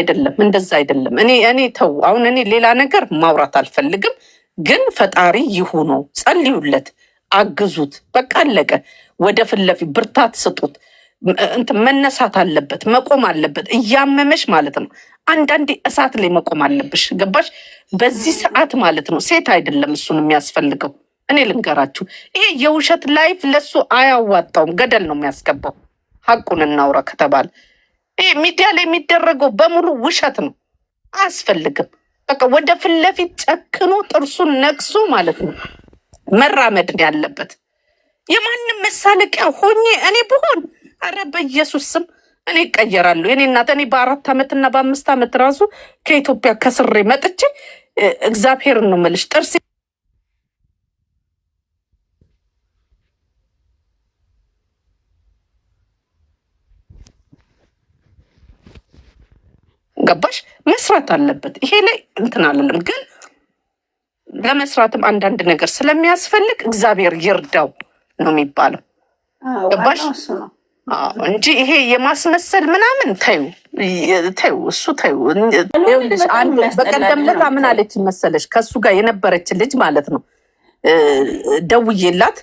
አይደለም እንደዛ አይደለም። እኔ እኔ ተው አሁን እኔ ሌላ ነገር ማውራት አልፈልግም፣ ግን ፈጣሪ ይሁኑ፣ ጸልዩለት፣ አግዙት። በቃ አለቀ። ወደ ፍለፊ ብርታት ስጡት። እንትን መነሳት አለበት፣ መቆም አለበት። እያመመሽ ማለት ነው። አንዳንዴ እሳት ላይ መቆም አለብሽ። ገባሽ? በዚህ ሰዓት ማለት ነው። ሴት አይደለም እሱን የሚያስፈልገው። እኔ ልንገራችሁ፣ ይሄ የውሸት ላይፍ ለሱ አያዋጣውም፣ ገደል ነው የሚያስገባው። ሀቁን እናውራ ከተባለ ይህ ሚዲያ ላይ የሚደረገው በሙሉ ውሸት ነው፣ አያስፈልግም። በቃ ወደ ፊት ለፊት ጨክኖ ጥርሱን ነቅሶ ማለት ነው መራመድ ያለበት። የማንም መሳለቂያ ሆኜ እኔ ብሆን አረ በኢየሱስ ስም እኔ እቀየራለሁ። እኔ እናት እኔ በአራት ዓመትና በአምስት ዓመት ራሱ ከኢትዮጵያ ከስሬ መጥቼ እግዚአብሔርን ነው የምልሽ ጥርስ ገባሽ መስራት አለበት። ይሄ ላይ እንትን አለለም፣ ግን ለመስራትም አንዳንድ ነገር ስለሚያስፈልግ እግዚአብሔር ይርዳው ነው የሚባለው። ገባሽ እንጂ ይሄ የማስመሰል ምናምን ተዩ ተዩ፣ እሱ ተዩ። በቀደም ምን አለች መሰለሽ? ከእሱ ጋር የነበረች ልጅ ማለት ነው ደውዬላት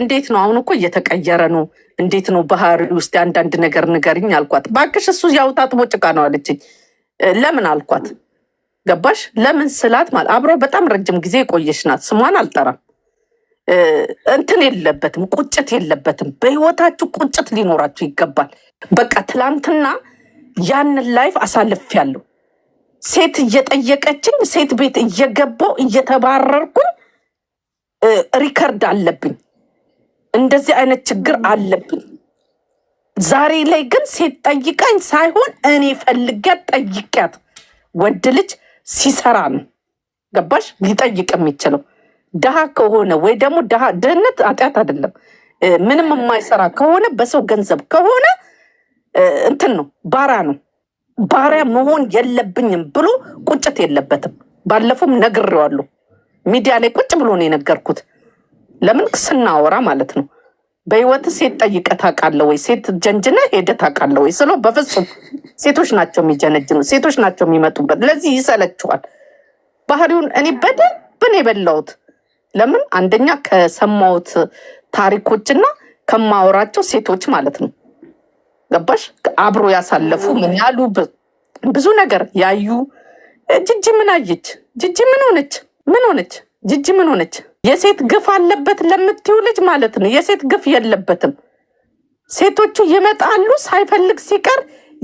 እንዴት ነው አሁን እኮ እየተቀየረ ነው፣ እንዴት ነው ባህሪ ውስጥ አንዳንድ ነገር ንገሪኝ አልኳት። ባክሽ እሱ ያው ታጥቦ ጭቃ ነው አለችኝ። ለምን አልኳት። ገባሽ ለምን ስላት ማለት አብረው በጣም ረጅም ጊዜ የቆየች ናት። ስሟን አልጠራም። እንትን የለበትም፣ ቁጭት የለበትም። በህይወታችሁ ቁጭት ሊኖራችሁ ይገባል። በቃ ትላንትና ያንን ላይፍ ያለው ሴት እየጠየቀችኝ ሴት ቤት እየገባው እየተባረርኩኝ ሪከርድ አለብኝ። እንደዚህ አይነት ችግር አለብኝ። ዛሬ ላይ ግን ሴት ጠይቃኝ ሳይሆን እኔ ፈልጊያት ጠይቂያት። ወንድ ልጅ ሲሰራ ነው ገባሽ? ሊጠይቅ የሚችለው ድሃ ከሆነ ወይ ደግሞ ድህነት ኃጢአት አይደለም። ምንም የማይሰራ ከሆነ በሰው ገንዘብ ከሆነ እንትን ነው ባራ ነው። ባሪያ መሆን የለብኝም ብሎ ቁጭት የለበትም። ባለፈውም ነግሬዋለሁ። ሚዲያ ላይ ቁጭ ብሎ ነው የነገርኩት። ለምን ስናወራ ማለት ነው። በህይወት ሴት ጠይቀ ታውቃለህ ወይ? ሴት ጀንጅነ ሄደ ታውቃለህ ወይ? ስለ በፍጹም ሴቶች ናቸው የሚጀነጅኑ፣ ሴቶች ናቸው የሚመጡበት። ለዚህ ይሰለችዋል ባህሪውን። እኔ በደንብ ነው የበላሁት። ለምን አንደኛ ከሰማሁት ታሪኮችና ከማወራቸው ሴቶች ማለት ነው። ገባሽ? አብሮ ያሳለፉ ምን ያሉ ብዙ ነገር ያዩ። ጅጂ ምን አየች? ጅጅ ምን ሆነች? ምን ሆነች ጅጅ? ምን ሆነች? የሴት ግፍ አለበት ለምትዩ ልጅ ማለት ነው። የሴት ግፍ የለበትም። ሴቶቹ ይመጣሉ፣ ሳይፈልግ ሲቀር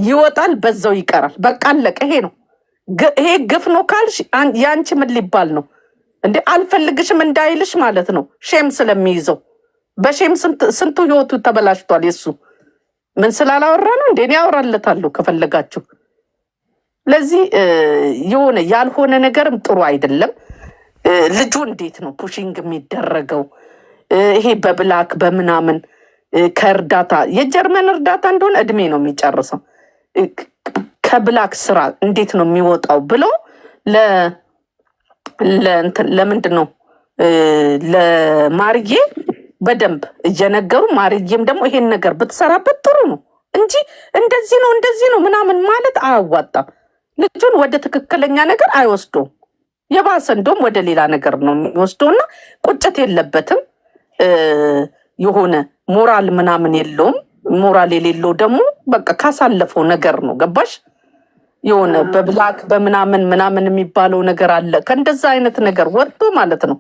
ይወጣል፣ በዛው ይቀራል። በቃ አለቀ። ይሄ ነው ይሄ ግፍ ነው ካልሽ ያንቺ ምን ሊባል ነው እንዴ? አልፈልግሽም እንዳይልሽ ማለት ነው። ሼም ስለሚይዘው በሼም ስንቱ ህይወቱ ተበላሽቷል። የሱ ምን ስላላወራ ነው እንዴ? እኔ አወራለታለሁ ከፈለጋችሁ። ለዚህ የሆነ ያልሆነ ነገርም ጥሩ አይደለም። ልጁ እንዴት ነው ፑሽንግ የሚደረገው? ይሄ በብላክ በምናምን ከእርዳታ የጀርመን እርዳታ እንደሆነ እድሜ ነው የሚጨርሰው። ከብላክ ስራ እንዴት ነው የሚወጣው ብሎ ለምንድን ነው ለማርዬ በደንብ እየነገሩ ማርዬም ደግሞ ይሄን ነገር ብትሰራበት ጥሩ ነው እንጂ እንደዚህ ነው እንደዚህ ነው ምናምን ማለት አያዋጣም። ልጁን ወደ ትክክለኛ ነገር አይወስዶም። የባሰ እንደውም ወደ ሌላ ነገር ነው የሚወስደው እና ቁጭት የለበትም። የሆነ ሞራል ምናምን የለውም። ሞራል የሌለው ደግሞ በቃ ካሳለፈው ነገር ነው ገባሽ? የሆነ በብላክ በምናምን ምናምን የሚባለው ነገር አለ። ከእንደዛ አይነት ነገር ወጥቶ ማለት ነው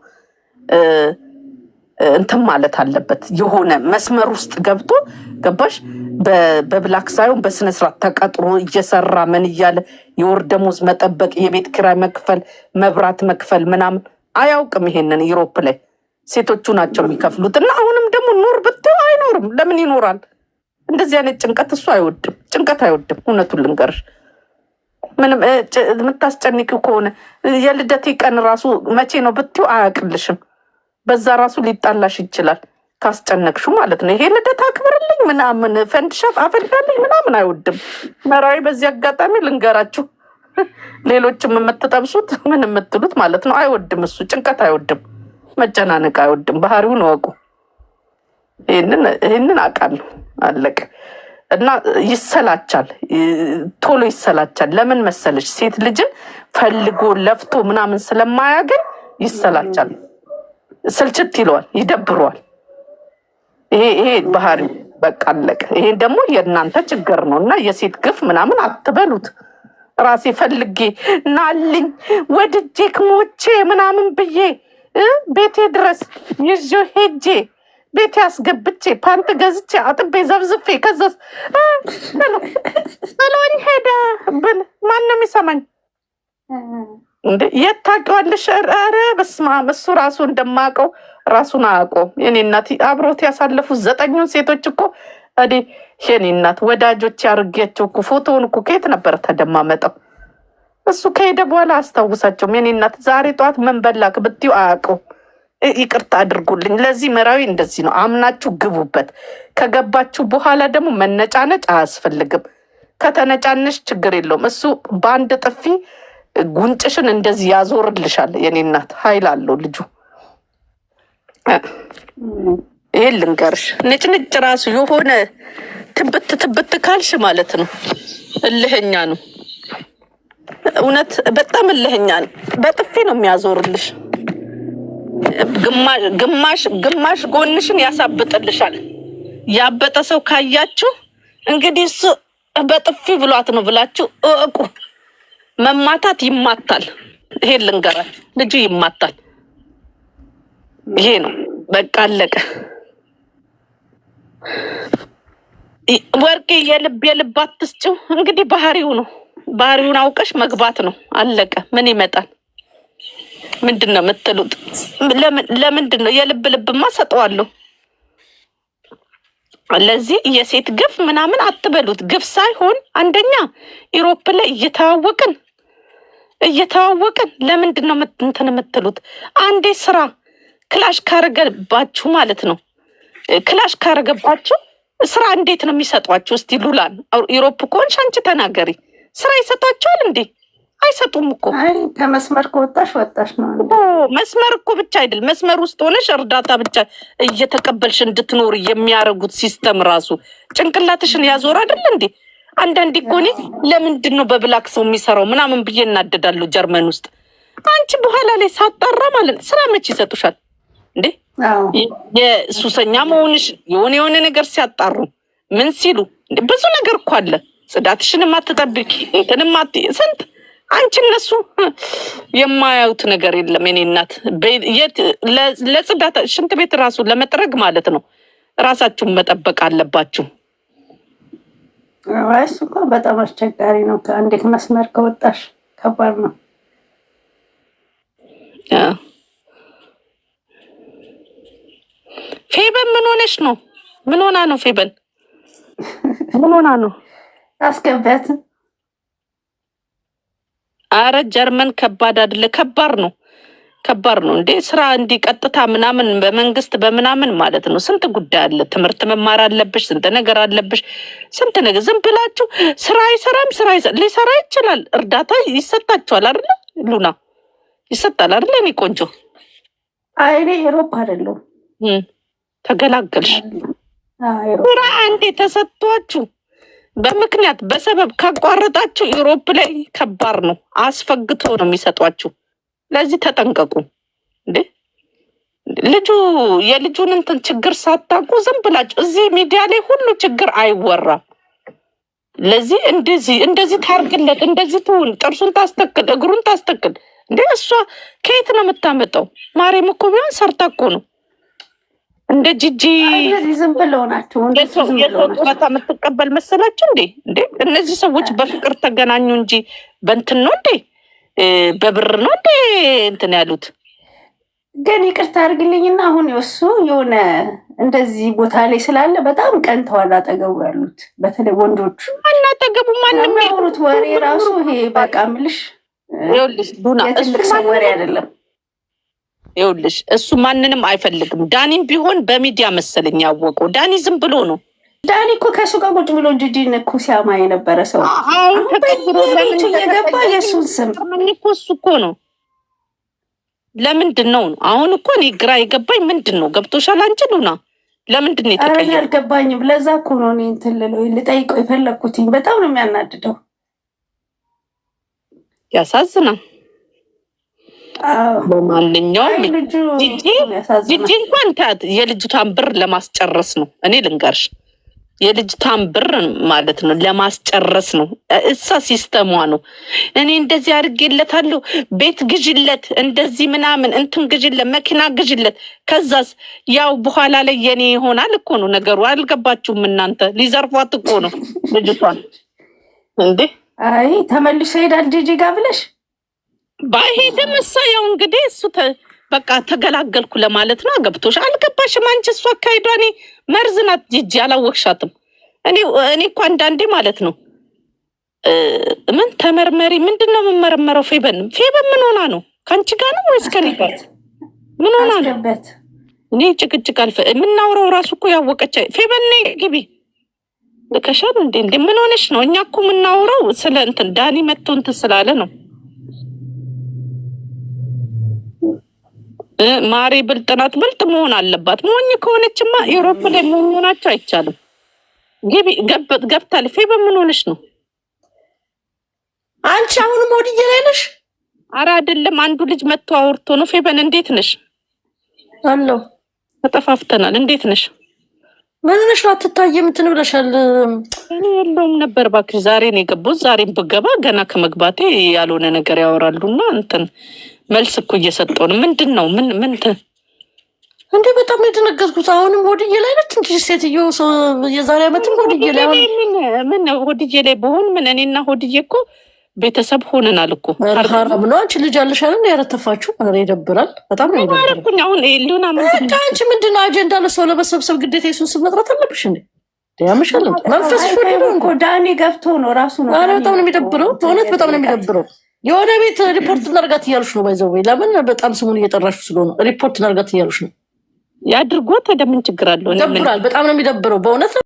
እንትን ማለት አለበት። የሆነ መስመር ውስጥ ገብቶ ገባሽ በብላክ ሳይሆን በስነስርዓት ተቀጥሮ እየሰራ ምን እያለ የወር ደሞዝ መጠበቅ፣ የቤት ኪራይ መክፈል፣ መብራት መክፈል ምናምን አያውቅም። ይሄንን ዩሮፕ ላይ ሴቶቹ ናቸው የሚከፍሉት። እና አሁንም ደግሞ ኖር ብትው አይኖርም። ለምን ይኖራል? እንደዚህ አይነት ጭንቀት እሱ አይወድም። ጭንቀት አይወድም። እውነቱን ልንገርሽ ምንም የምታስጨንቂው ከሆነ የልደቴ ቀን ራሱ መቼ ነው ብትው አያውቅልሽም። በዛ ራሱ ሊጣላሽ ይችላል። ካስጨነቅሹ ማለት ነው። ይሄ ልደት አክብርልኝ ምናምን ፈንድሻ አፈልጋልኝ ምናምን አይወድም መራዊ። በዚህ አጋጣሚ ልንገራችሁ፣ ሌሎችም የምትጠብሱት ምን የምትሉት ማለት ነው አይወድም። እሱ ጭንቀት አይወድም፣ መጨናነቅ አይወድም። ባህሪውን እወቁ። ይህንን አውቃለሁ። አለቀ እና ይሰላቻል፣ ቶሎ ይሰላቻል። ለምን መሰለች ሴት ልጅን ፈልጎ ለፍቶ ምናምን ስለማያገኝ ይሰላቻል። ስልችት ይለዋል፣ ይደብረዋል። ይሄ ይሄ ባህሪ በቃ አለቀ። ይሄ ደግሞ የእናንተ ችግር ነው እና የሴት ግፍ ምናምን አትበሉት። ራሴ ፈልጌ ናልኝ ወድጄ ክሞቼ ምናምን ብዬ ቤቴ ድረስ ይዞ ሄጄ ቤቴ አስገብቼ ፓንት ገዝቼ አጥቤ ዘብዝፌ ከዘስ ጥሎኝ ሄደ ብል ማንም ይሰማኝ እንደ የት ታውቂዋለሽ? ኧረ በስመ አብ እሱ ራሱ እንደማውቀው ራሱን አያውቀውም። የኔ እናት አብሮት ያሳለፉት ዘጠኙን ሴቶች እኮ እኔ የኔ እናት ወዳጆች ያርጌያቸው እኮ ፎቶውን እኮ ከየት ነበረ ተደማመጠው እሱ ከሄደ በኋላ አስታውሳቸውም። የኔ እናት ዛሬ ጠዋት ምን በላክ ብትዩ አያውቀውም። ይቅርታ አድርጉልኝ። ለዚህ መራዊ እንደዚህ ነው። አምናችሁ ግቡበት። ከገባችሁ በኋላ ደግሞ መነጫነጭ አያስፈልግም። ከተነጫነሽ ችግር የለውም። እሱ በአንድ ጥፊ ጉንጭሽን እንደዚህ ያዞርልሻል። የኔ እናት ኃይል አለው ልጁ። ይህ ልንገርሽ ንጭንጭ ራሱ የሆነ ትብት ትብት ካልሽ ማለት ነው። እልህኛ ነው እውነት፣ በጣም እልህኛ ነው። በጥፊ ነው የሚያዞርልሽ። ግማሽ ግማሽ ጎንሽን ያሳብጥልሻል። ያበጠ ሰው ካያችሁ እንግዲህ እሱ በጥፊ ብሏት ነው ብላችሁ እቁ መማታት ይማታል። ይሄን ልንገራችሁ፣ ልጁ ይማታል። ይሄ ነው በቃ አለቀ። ወርቄ የልብ የልብ አትስጭው። እንግዲህ ባህሪው ነው፣ ባህሪውን አውቀሽ መግባት ነው። አለቀ። ምን ይመጣል? ምንድን ነው የምትሉት? ለምንድን ነው የልብ ልብማ ሰጠዋለሁ። ለዚህ የሴት ግፍ ምናምን አትበሉት። ግፍ ሳይሆን አንደኛ ኢሮፕ ላይ እየተዋወቅን እየተዋወቅን ለምንድን ነው እንትን የምትሉት? አንዴ ስራ ክላሽ ካረገባችሁ ማለት ነው። ክላሽ ካረገባችሁ ስራ እንዴት ነው የሚሰጧችሁ? እስቲ ሉላን ዩሮፕ ከሆንሽ አንቺ ተናገሪ። ስራ ይሰጧችኋል እንዴ? አይሰጡም እኮ ከመስመር ከወጣሽ ወጣሽ ነው። መስመር እኮ ብቻ አይደል፣ መስመር ውስጥ ሆነሽ እርዳታ ብቻ እየተቀበልሽ እንድትኖር የሚያደርጉት ሲስተም ራሱ ጭንቅላትሽን ያዞር አይደል እንዴ? አንዳንድ ጎኔ ለምንድን ነው በብላክ ሰው የሚሰራው ምናምን ብዬ እናደዳለሁ። ጀርመን ውስጥ አንቺ በኋላ ላይ ሳጣራ ማለት ስራ መች ይሰጡሻል እንዴ? የሱሰኛ መሆንሽ የሆነ የሆነ ነገር ሲያጣሩ ምን ሲሉ ብዙ ነገር እኮ አለ። ጽዳትሽንም አትጠብቂ እንትንም ስንት አንቺ እነሱ የማያዩት ነገር የለም። እኔ እናት ለጽዳት ሽንት ቤት ራሱ ለመጥረግ ማለት ነው ራሳችሁን መጠበቅ አለባችሁ። እሱ እኮ በጣም አስቸጋሪ ነው። ከአንድ መስመር ከወጣሽ ከባድ ነው። ፌበን ምን ሆነሽ ነው? ምን ሆና ነው? ፌበን ምን ሆና ነው? አስገቢያት። አረ ጀርመን ከባድ አይደለ? ከባድ ነው። ከባድ ነው እንዴ! ስራ እንዲህ ቀጥታ ምናምን በመንግስት በምናምን ማለት ነው። ስንት ጉዳይ አለ። ትምህርት መማር አለብሽ። ስንት ነገር አለብሽ። ስንት ነገር ዝም ብላችሁ ስራ አይሰራም። ስራ ሊሰራ ይችላል። እርዳታ ይሰጣችኋል አይደለ? ሉና ይሰጣል አይደለ? እኔ ቆንጆ አይኔ ኤሮፓ አይደለሁም። ተገላገልሽ። ስራ አንዴ ተሰጥቷችሁ በምክንያት በሰበብ ካቋረጣችሁ ኢሮፕ ላይ ከባድ ነው። አስፈግቶ ነው የሚሰጧችሁ። ለዚህ ተጠንቀቁ። እንዴ ልጁ የልጁን እንትን ችግር ሳታውቁ ዝም ብላችሁ እዚህ ሚዲያ ላይ ሁሉ ችግር አይወራም። ለዚህ እንደዚህ እንደዚህ ታርግለት፣ እንደዚህ ትሁን፣ ጥርሱን ታስተክል፣ እግሩን ታስተክል። እንዴ እሷ ከየት ነው የምታመጣው? ማሬም እኮ ቢሆን ሰርታ እኮ ነው እንደ ጅጂ ዝም ብለው ናቸው። የሰው ጡረታ የምትቀበል መሰላችሁ እንዴ? እንዴ እነዚህ ሰዎች በፍቅር ተገናኙ እንጂ በእንትን ነው እንዴ በብር ነው እንደ እንትን ያሉት ግን ይቅርታ አድርግልኝና አሁን እሱ የሆነ እንደዚህ ቦታ ላይ ስላለ በጣም ቀን ተዋላ አጠገቡ ያሉት በተለይ ወንዶቹ አናጠገቡ ማንም ያወሩት ወሬ ራሱ ይሄ በቃ ምልሽ የትልቅ ሰው ወሬ አይደለም። ይኸውልሽ እሱ ማንንም አይፈልግም። ዳኒም ቢሆን በሚዲያ መሰለኝ ያወቀው ዳኒ ዝም ብሎ ነው ዳኒ እኮ ከእሱ ጋር ቁጭ ብሎ ጂጂን እኮ ሲያማ የነበረ ሰው በየቤቱ እየገባ የእሱን ስም እሱ እኮ ነው። ለምንድን ነው አሁን እኮ እኔ ግራ የገባኝ ምንድን ነው? ገብቶሻል አንቺ ሉና? ለምንድን ነው የተቀየረ? አልገባኝም። ለዛ እኮ ነው እኔ እንትን ልለው ልጠይቀው የፈለግኩትኝ። በጣም ነው የሚያናድደው። ያሳዝናል። በማንኛውም ጂጂ እንኳን የልጅቷን ብር ለማስጨረስ ነው እኔ ልንገርሽ የልጅቷን ብር ማለት ነው ለማስጨረስ ነው። እሳ ሲስተሟ ነው። እኔ እንደዚህ አድርጌለታለሁ፣ ቤት ግዥለት፣ እንደዚህ ምናምን እንትን ግዥለት፣ መኪና ግዥለት። ከዛስ ያው በኋላ ላይ የኔ ይሆናል እኮ ነው ነገሩ። አልገባችሁም እናንተ? ሊዘርፏት እኮ ነው ልጅቷን። እንዴ አይ ተመልሶ ሄዳል ጂጂ ጋ ብለሽ ባይሄድም እሳ ያው እንግዲህ እሱ በቃ ተገላገልኩ ለማለት ነው። አገብቶሽ አልገባሽም አንቺ። እሱ አካሄዷ እኔ መርዝ ናት ጂጂ፣ አላወቅሻትም። እኔ እኮ አንዳንዴ ማለት ነው ምን ተመርመሪ፣ ምንድን ነው የምመረመረው? ፌበን ፌበን ምን ሆና ነው? ከአንቺ ጋር ነው ወይስ ከኔበት? ምን ሆና ነው? እኔ ጭቅጭቅ አልፈ የምናውረው ራሱ እኮ ያወቀች ፌበን ነ ግቢ ልከሻል እንዴ? እንዴ ምን ሆነሽ ነው? እኛ እኮ የምናውረው ስለ እንትን ዳኒ መጥቶ እንትን ስላለ ነው። ማሪ ብልጥ ናት። ብልጥ መሆን አለባት። ሞኝ ከሆነችማ ኤሮፕ ላይ ሞኝ ሆናቸው ግቢ ገብታ ልፌ በምን ሆነች ነው አንቺ አሁንም ወድዬ ላይ ነሽ? አረ አይደለም። አንዱ ልጅ መጥቶ አውርቶ ነው። ፌበን እንዴት ነሽ? አለው ተጠፋፍተናል። እንዴት ነሽ? ምን ነሽ? አትታይም እንትን ብለሻል። እኔ የለውም ነበር ባክሽ። ዛሬ ነው የገባሁት። ዛሬም ብገባ ገና ከመግባቴ ያልሆነ ነገር ያወራሉና እንትን መልስ እኮ እየሰጠው ነው። ምንድን ነው ምን ምን እንደ በጣም የደነገጥኩት አሁንም ወድዬ ላይ ነት እንጂ ሴትዮ የዛሬ ዓመትም ወድዬ ላይ ምን ወድዬ ላይ በሆን ምን እኔና ወድዬ እኮ ቤተሰብ ሆነናል እኮ ሀራም ነው። አንቺ ልጅ አለሻልን ያረተፋችሁ ኧረ ይደብራል። በጣም ነውረኩኝ አሁን ሊሆና አንቺ ምንድነው አጀንዳ ለሰው ለመሰብሰብ ግዴታ የሱን ስም መጥራት አለብሽ እንዴ? ያምሻል መንፈስ ዳኔ ገብቶ ነው ራሱ ነው። በጣም ነው የሚደብረው። በእውነት በጣም ነው የሚደብረው። የሆነ ቤት ሪፖርት እናርጋት እያሉሽ ነው። ባይዘው ለምን በጣም ስሙን እየጠራሹ ስለሆነ ሪፖርት እናርጋት እያሉሽ ነው። ያድርጎት ወደምን ችግር አለው? ይደብራል። በጣም ነው የሚደብረው በእውነት ነው።